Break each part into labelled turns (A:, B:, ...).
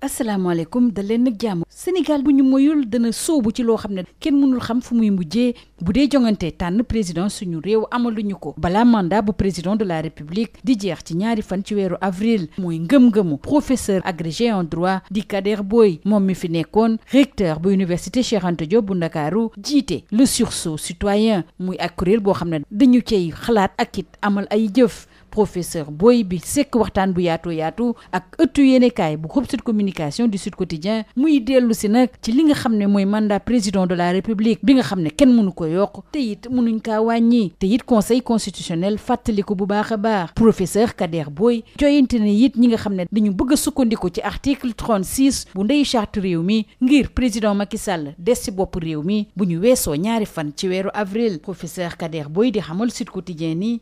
A: asalaamaaleykum da leen nag jàmm Sénégal bu ñu moyul dana soobu ci loo xam ne kenn mënul xam fu muy mujjee bu dee jongante tànn président suñu réew amaluñu ko balaa mandat bu président de la république di jeex ci ñaari fan ci weeru avril mooy ngëm-ngëmu professeur agrégé en droit di Kader booy moom mi fi nekkoon recteur bu université Cheikh Anta Diop bu Ndakaaru jiite le sursaut citoyen muy ak kuréel boo xam ne dañu cay xalaat ak it amal ay jëf professeur Boy bi sekk waxtaan bu yaatu yaatu ak ëttu yéenekaay bu groupe Sud Communication du Sud Quotidien muy dellu si nag ci li nga xam ne mooy mandat président de la République bi nga xam ne kenn mënu ko yokk te it mënuñ kaa wàññi te it conseil constitutionnel fàttali ko bu baax a baax professeur Kader Boy joyante ne it ñi nga xam ne dañu bëgg a sukkandiku ci article 36 bu ndey charte réew mi ngir président Macky Sall des ci bopp réew mi bu ñu weesoo ñaari fan ci weeru avril professeur Kader Boy di xamal Sud Quotidien ni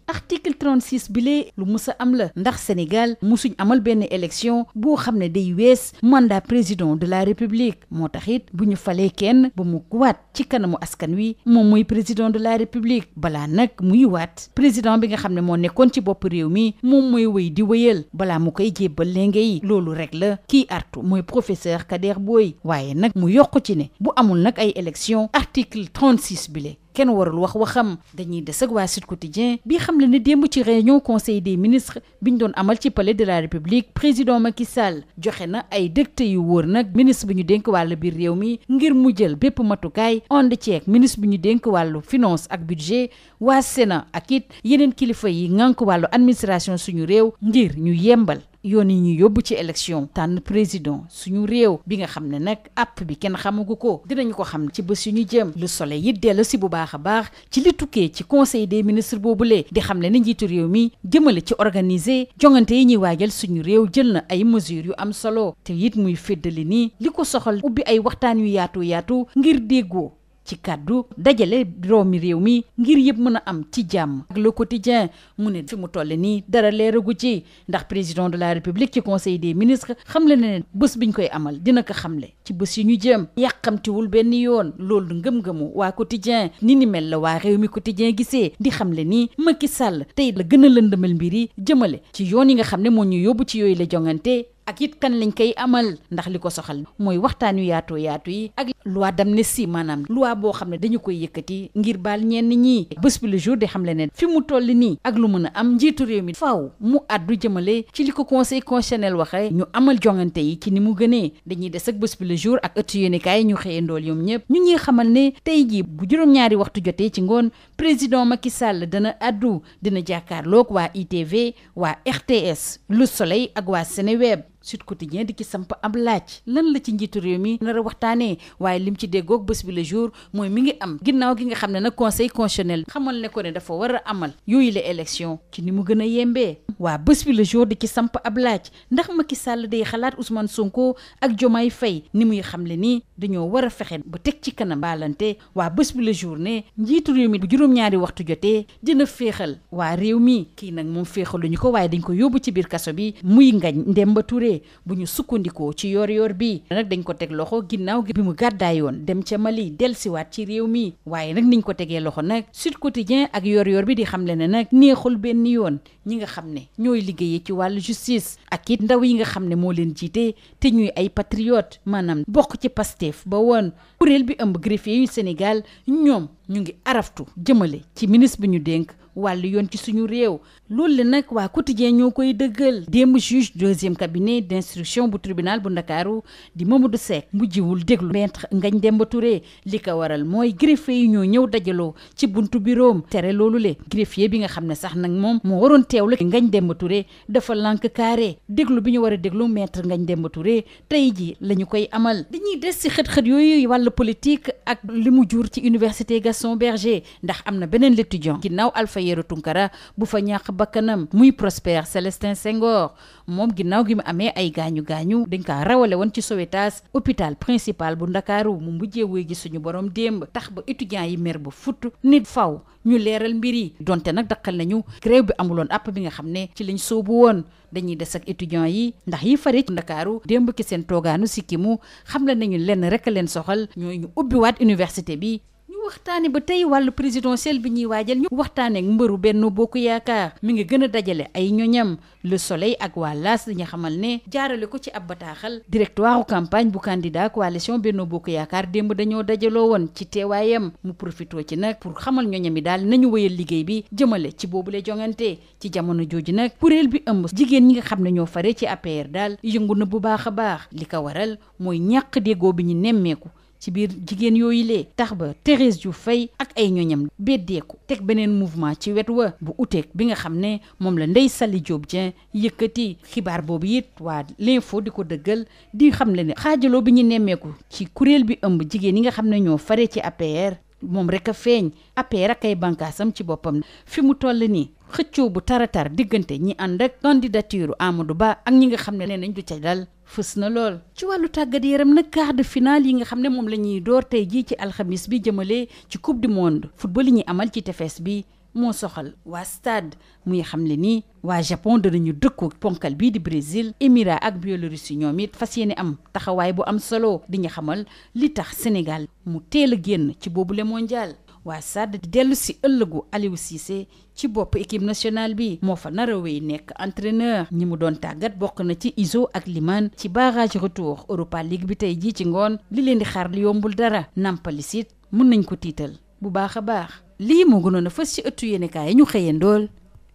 A: lu musa am la ndax Sénégal musuñ amal benn élection boo xam ne day wees mandat président de la république moo tax it bu ñu falee kenn ba mu waat ci kanamu askan wi moom mooy président de la république balaa nag muy waat président bi nga xam ne moo nekkoon ci bopp réew mi moom mooy wéy di wéyal balaa mu koy jébbal lenge yi loolu rek la kii artu mooy professeur Kader booy waaye nag mu yokk ci ne bu amul nag ay élection article 36 bile kenn warul wax waxam dañuy des ak waa Sud Quotidien bi xam le ne démb ci réunion conseil des ministres bi ñu doon amal ci palais de la république président ki Sall joxe na ay dëgte yu wóor nag ministre bi ñu dénk wàllu biir réew mi ngir mu jël bépp matukaay ond ceek ministre bi ñu dénk wàllu finance ak budget waa na ak it yeneen kilifa yi ngànk wàllu administration suñu réew ngir ñu yembal yoon yi ñu yóbbu ci élection tànn président suñu réew bi nga xam ne nag app bi kenn xamagu ko dinañu ko xam ci bés yu ñu jëm Le Soleil it dellu si bu baax a baax ci li tukkee ci conseil des ministres boobulee di xam ne ni njiitu réew mi jëmale ci organiser jongante yi ñuy waajal suñu réew jël na ay mesures yu am solo te it muy féddali nii li ko soxal ubbi ay waxtaan yu yaatu yaatu ngir déggoo ci kàddu dajale doomi réew mi ngir yëpp mën a am ci jàmm ak le quotidien mu ne fi mu toll nii dara leeragu ci ndax président de la république ci conseil des ministres xamle na ne bés biñ koy amal dina ko xamle ci bës yi ñu jëm yàqamtiwul benn yoon loolu ngëm-ngëmu waa quotidien ni ni mel la waa réew mi quotidien gisee di xamle ni Macky Sall tey la gën a lëndëmal mbir yi jëmale ci yoon yi nga xam ne moo ñu yóbbu ci yooyu la jongante ak it kan lañ koy amal ndax li ko soxal mooy waxtaan yu yaatoo yaatu yi ak ne d'amnistie maanaam loi boo xam ne dañu koy yëkkati ngir baal ñenn ñi bés bi le jour di xam le ne fi mu toll nii ak lu mën a am njiitu réew mi faaw mu àddu jëmale ci li ko conseil constitutionnel waxee ñu amal jongante yi ci ni mu gënee dañuy des ak bés bi le jour ak ëttu yéenekaay ñu xëyee ndool yoom ñëpp ñu ngi xamal ne tey jii bu juróom-ñaari waxtu jotee ci ngoon président Macky Sall dana àddu dina jàkkaarloog waa ITV waa RTS Le Soleil ak waa Seneweb Sud Quotidien di ci samp ab laaj lan la ci njiitu réew mi nar a waxtaanee waaye lim ci déggoog bés bi le jour mooy mi ngi am ginnaaw gi nga xam ne nag conseil constitutionnel xamal ne ko ne dafa war a amal yooyu la élection ci ni mu gën a yembee waa bés bi le jour di ci samp ab laaj ndax Macky Sall day xalaat Ousmane Sonko ak Diomaye Faye ni muy xamle nii dañoo war a fexe ba teg ci kanam baalante waa bés bi le ne njiitu réew mi bu juróom-ñaari waxtu jotee dina féexal waa réew mi kii nag moom féexaluñu ko waaye dañ ko yóbbu ci biir kaso bi muy ngañ Ndemba bu ñu sukkandikoo ci yoor yor bi nag dañ ko teg loxo ginnaaw bi mu gàddaayoon dem ca Mali dellusiwaat ci réew mi waaye nag niñ ko tegee loxo nag Sud Quotidien ak yor-yor bi di xamle ne nag neexul benn yoon ñi nga xam ne ñooy liggéeyee ci wàllu justice ak it ndaw yi nga xam ne moo leen jiite te ñuy ay patriote maanaam bokk ci Pastef ba woon kuréel bi ëmb greffier yu Sénégal ñoom ñu ngi araftu jëmale ci ministre bi ñu dénk wàllu yoon ci suñu réew loolu la nag waa quotidien ñoo koy dëggal démb juge deuxième cabinet d' instruction bu tribunal bu ndakaaru di Mamadou Seck mujjiwul déglu maître Ngagne Demba Touré li ko waral mooy greffier yi ñoo ñëw dajaloo ci buntu biroom tere loolu le greffier bi nga xam ne sax nag moom moo waroon teewlu Ngagne Demba Touré dafa lànk carré déglu bi ñu war a déglu maître Ngagne Demba tey ji la ñu koy amal dañuy des si xët-xët yooyu wàllu politique ak li mu jur ci université gas Gaston Berger ndax am na beneen l'étudiant ginnaaw Alpha Yero Tunkara bu fa ñàq bakkanam muy Prospère Célestin Senghor moom ginnaaw gi mu amee ay gaañu gaañu dañ ka rawale woon ci Sowétas hôpital principal bu Ndakaaru mu mujjee wuy suñu borom démb tax ba étudiants yi mer ba futt nit faw ñu leeral mbir yi donte nag daqal nañu grève bi amuloon app bi nga xam ne ci lañ soobu woon dañuy des ak étudiants yi ndax yi fare ci Ndakaaru démb ki seen toogaanu sikkimu xam la nañu lenn rek leen soxal ñooy ubbiwaat université bi waxtaane ba tey wàllu présidentielle bi ñuy waajal ñu waxtaaneek mbëru Benno Bokk Yaakaar mu ngi gën a dajale ay ñoñam Le Soleil ak waa L'As dañu xamal ne jaarale ko ci ab bataaxal directoire campagne bu candidat coalition Benno Bokk Yaakaar démb dañoo dajaloo woon ci teewaayam mu profitoo ci nag pour xamal ñoñam yi daal nañu wëyal liggéey bi jëmale ci boobu lay jongante ci jamono jooju nag kuréel bi ëmb jigéen ñi nga xam ne ñoo fare ci APR daal yëngu na bu baax a baax li ko waral mooy ñàkk déggoo bi ñu nemmeeku ci biir jigéen yooyu le tax ba Thérèse yu Faye ak ay ñooñam beddeeku teg beneen mouvement ci wet wa bu uteeg bi nga xam ne moom la ndey Saly Diop Dieng yëkkati xibaar boobu it waa l'info di ko dëggal di xam le ne xaajaloo bi ñu nemmeeku ci kuréel bi ëmb jigéen yi nga xam ne ñoo fare ci APR moom rek a feeñ APR ak ay bànqaasam ci boppam fi mu toll nii xëccoo bu taratar diggante ñi ànd ak candidature Amadou Ba ak ñi nga xam ne nee nañ du ca dal fës na lool ci wàllu tàggat yaram nag quart de finale yi nga xam ne moom la ñuy door tey jii ci alxamis bi jëmale ci coupe du monde football li ñuy amal ci tefes bi moo soxal waa stade muy xamle ni waa japon danañu dëkku ponkal bii di brésil émirats ak biélorussie ñoom it fas yéene am taxawaay bu am solo di xamal li tax sénégal mu teel a génn ci boobu boobule mondial waa SAD di dellu si ëllëgu Aliou Cissé ci bopp équipe nationale bi moo fa nar a wéy nekk entraîneur ñi mu doon tàggat bokk na ci iso ak limaan ci barrage retour Europa League bi tey jii ci ngoon li leen di xaar li yombul dara nampalisit mun nañ ko tiital bu baax a baax lii moo gënoon a fës ci ëttu yéenekaay yi ñu xëyandool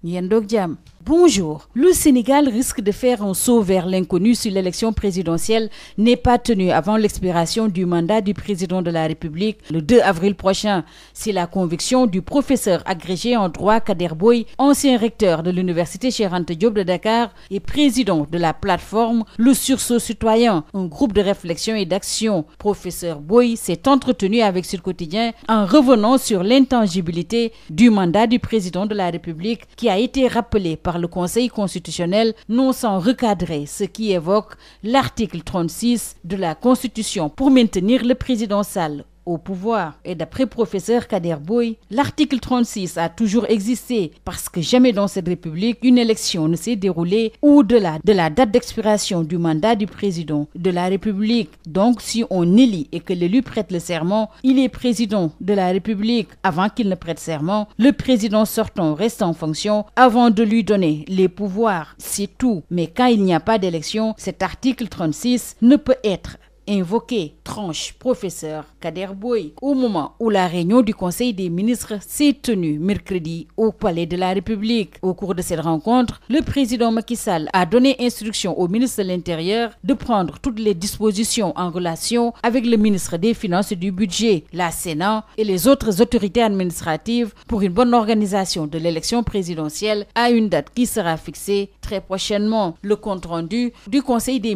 A: ñu yendoog jàmm Bonjour. Le Sénégal risque de faire un saut vers l'inconnu si l'élection présidentielle n'est pas tenue avant l'expiration du mandat du président de la République le avril prochain. C'est la conviction du professeur agrégé en droit Kader Boye, ancien recteur de l'université Cheikh Anta Diop de Dakar et président de la plateforme Le Sursaut Citoyen, un groupe de réflexion et d'action. Professeur Boye s'est entretenu avec Sud Quotidien en revenant sur l'intangibilité du mandat du président de la République qui a été rappelé par par le Conseil constitutionnel, non sans recadrer ce qui évoque l'article 36 de la Constitution pour maintenir le président Sall au pouvoir. Et d'après professeur Kader Boy, l'article 36 a toujours existé parce que jamais dans cette République une élection ne s'est déroulée au-delà de la date d'expiration du mandat du président de la République. Donc si on élit et que l'élu prête le serment, il est président de la République avant qu'il ne prête serment. Le président sortant reste en fonction avant de lui donner les pouvoirs. C'est tout. Mais quand il n'y a pas d'élection, cet article 36 ne peut invoqué, tranche professeur Kader Boy, au moment où la réunion du Conseil des ministres s'est tenue mercredi au Palais de la République. Au cours de cette rencontre, le président Macky Sall a donné instruction au ministre de l'Intérieur de prendre toutes les dispositions en relation avec le ministre des Finances et du Budget, la Sénat et les autres autorités administratives pour une bonne organisation de l'élection présidentielle à une date qui sera fixée Le compte-rendu du Conseil des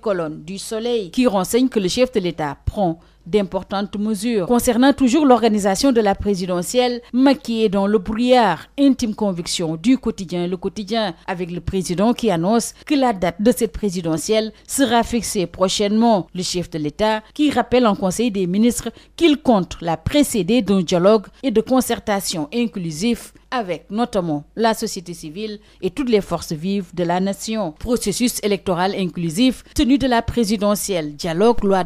A: colonne du Soleil qui renseigne que le chef de l'État prend d'importantes mesures. Concernant toujours l'organisation de la présidentielle, Macky est dans le brouillard, intime conviction du quotidien Le Quotidien, avec le président qui annonce que la date de cette présidentielle sera fixée prochainement. Le chef de l'État qui rappelle en Conseil des ministres qu'il compte la précéder d'un dialogue et de concertation inclusif avec notamment la société civile et toutes les forces vives de la nation. processu électoral inclusif, tenue de la présidentielle, dialogue, loi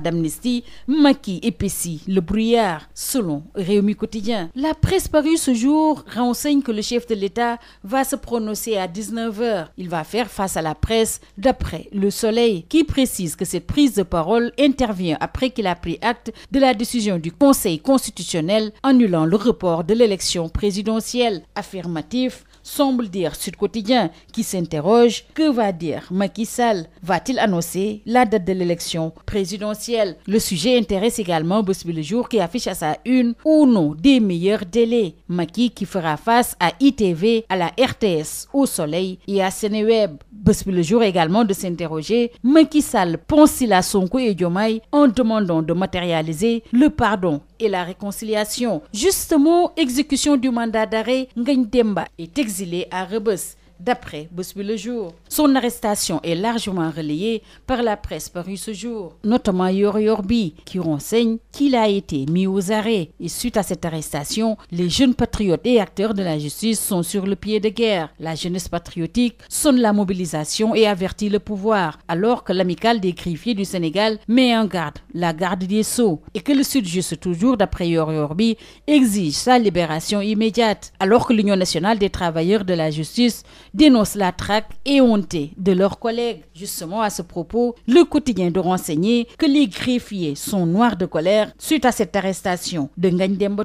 A: qui épaissit le brouillard, selon Réumi Quotidien. La presse parue ce jour renseigne que le chef de l'État va se prononcer à 19h. Il va faire face à la presse d'après Le Soleil, qui précise que cette prise de parole intervient après qu'il a pris acte de la décision du Conseil constitutionnel annulant le report de l'élection présidentielle. Affirmatif semble dire Sud Quotidien, qui s'interroge que va dire Macky Sall Va-t-il annoncer la date de l'élection présidentielle Le sujet intéresse également Bosby Le Jour, qui affiche à sa une ou non des meilleurs délais. Macky qui fera face à v à la RTS, au Soleil et à Sénéweb. Bosby Le Jour également de s'interroger Macky Sall pense-t-il à Sonko et Diomaye en demandant de matérialiser le pardon et la réconciliation. Justement, exécution du mandat d'arrêt, Ngagne Demba est exilé à Rebus. d'après Bës Bi Le Jour. Son arrestation est largement relayée par la presse parue ce jour, notamment Yor Yor Bi, qui renseigne qu'il a été mis aux arrêts. Et suite à cette arrestation, les jeunes patriotes et acteurs de la justice sont sur le pied de guerre. La jeunesse patriotique sonne la mobilisation et avertit le pouvoir, alors que l'amicale des greffiers du Sénégal met en garde la garde des Sceaux et que le Sud-Juste, toujours d'après Yor Yor Bi, exige sa libération immédiate, alors que l'Union nationale des travailleurs de la justice dénoncent la traque éhontée de leurs collègues. Justement, à ce propos, le quotidien de renseigner que les greffiers sont noirs de colère suite à cette arrestation de Ngagne Demba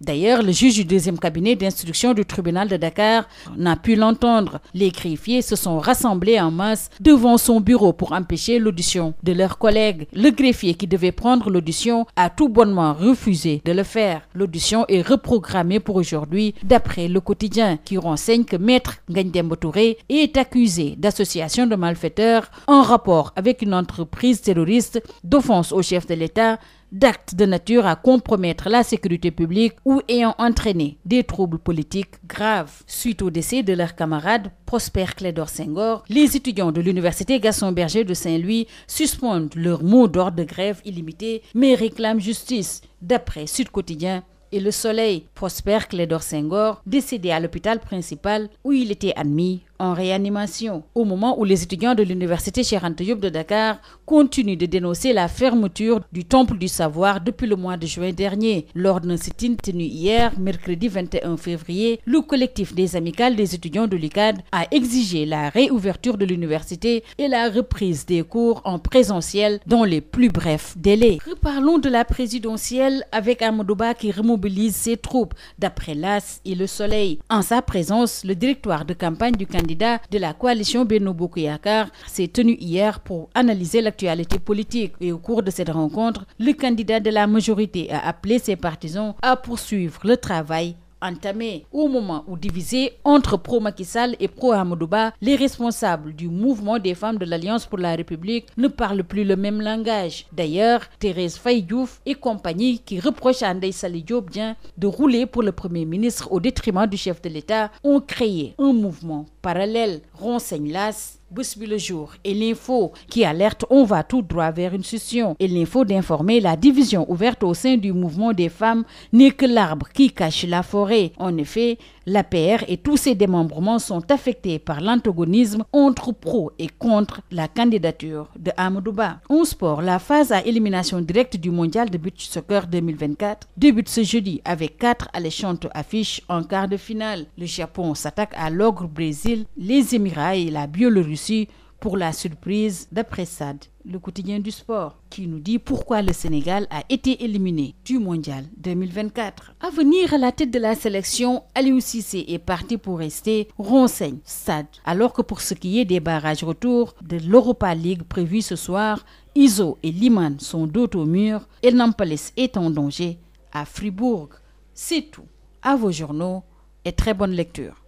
A: D'ailleurs, le juge du deuxième cabinet d'instruction du tribunal de Dakar n'a pu l'entendre. Les greffiers se sont rassemblés en masse devant son bureau pour empêcher l'audition de leurs collègues. Le greffier qui devait prendre l'audition a tout bonnement refusé de le faire. L'audition est reprogrammée pour aujourd'hui, d'après le quotidien qui renseigne Dembo Touré est accusé d'association de malfaiteurs en rapport avec une entreprise terroriste, d'offense au chef de l'État, d'actes de nature à compromettre la sécurité publique ou ayant entraîné des troubles politiques graves. Suite au décès de leur camarade Prosper Clédor Senghor, les étudiants de l'université Gaston Berger de Saint-Louis suspendent leur mot d'ordre de grève illimitée mais réclament justice, d'après Sud Quotidien. et le soleil. Prosper Clédor Senghor, décédé à l'hôpital principal où il était admis en réanimation. Au moment où les étudiants de l'université Cheikh Diop de Dakar continuent de dénoncer la fermeture du temple du savoir depuis le mois de juin dernier, lors d'un sit-in tenu hier, mercredi 21 février, le collectif des amicales des étudiants de l'UCAD a exigé la réouverture de l'université et la reprise des cours en présentiel dans les plus brefs délais. Reparlons de la présidentielle avec Amadouba qui remobilise ses troupes, d'après l'AS le Soleil. En sa présence, le directoire de campagne candidat de la coalition Beno Bokuyakar, s'est tenu hier pour analyser l'actualité politique. Et au cours de cette rencontre, le candidat de la majorité a appelé ses partisans à poursuivre le travail entamé au moment où divisé entre pro-Macky Sall et pro-Amadouba, les responsables du mouvement des femmes de l'Alliance pour la République ne parlent plus le même langage. D'ailleurs, Thérèse Faye Diouf et compagnie qui reprochent à Ndeye Saly Diop Dieng de rouler pour le Premier ministre au détriment du chef de l'État ont créé un mouvement parallèle, renseigne Busby le jour et l'info qui alerte on va tout droit vers une scission et l'info d'informer la division ouverte au sein du mouvement des femmes n'est que l'arbre qui cache la forêt. En effet, L'APR et tous ses démembrements sont affectés par l'antagonisme entre pro et contre la candidature de Amadouba. En sport, la phase à élimination directe du mondial de beach soccer 2024 débute ce jeudi avec quatre alléchantes affiches en quart de finale. Le Japon s'attaque à l'ogre Brésil, les Émirats la Biélorussie pour la surprise d'après Sad, le quotidien du sport, qui nous dit pourquoi le Sénégal a été éliminé du mondial 2024. À venir à la tête de la sélection, Aliou Cissé est parti pour rester, renseigne Sad. Alors que pour ce qui est des barrages retour de l'Europa League prévus ce soir, Iso et Liman sont dos au mur et Nampalès est en danger à Fribourg. C'est tout. À vos journaux et très bonne lecture.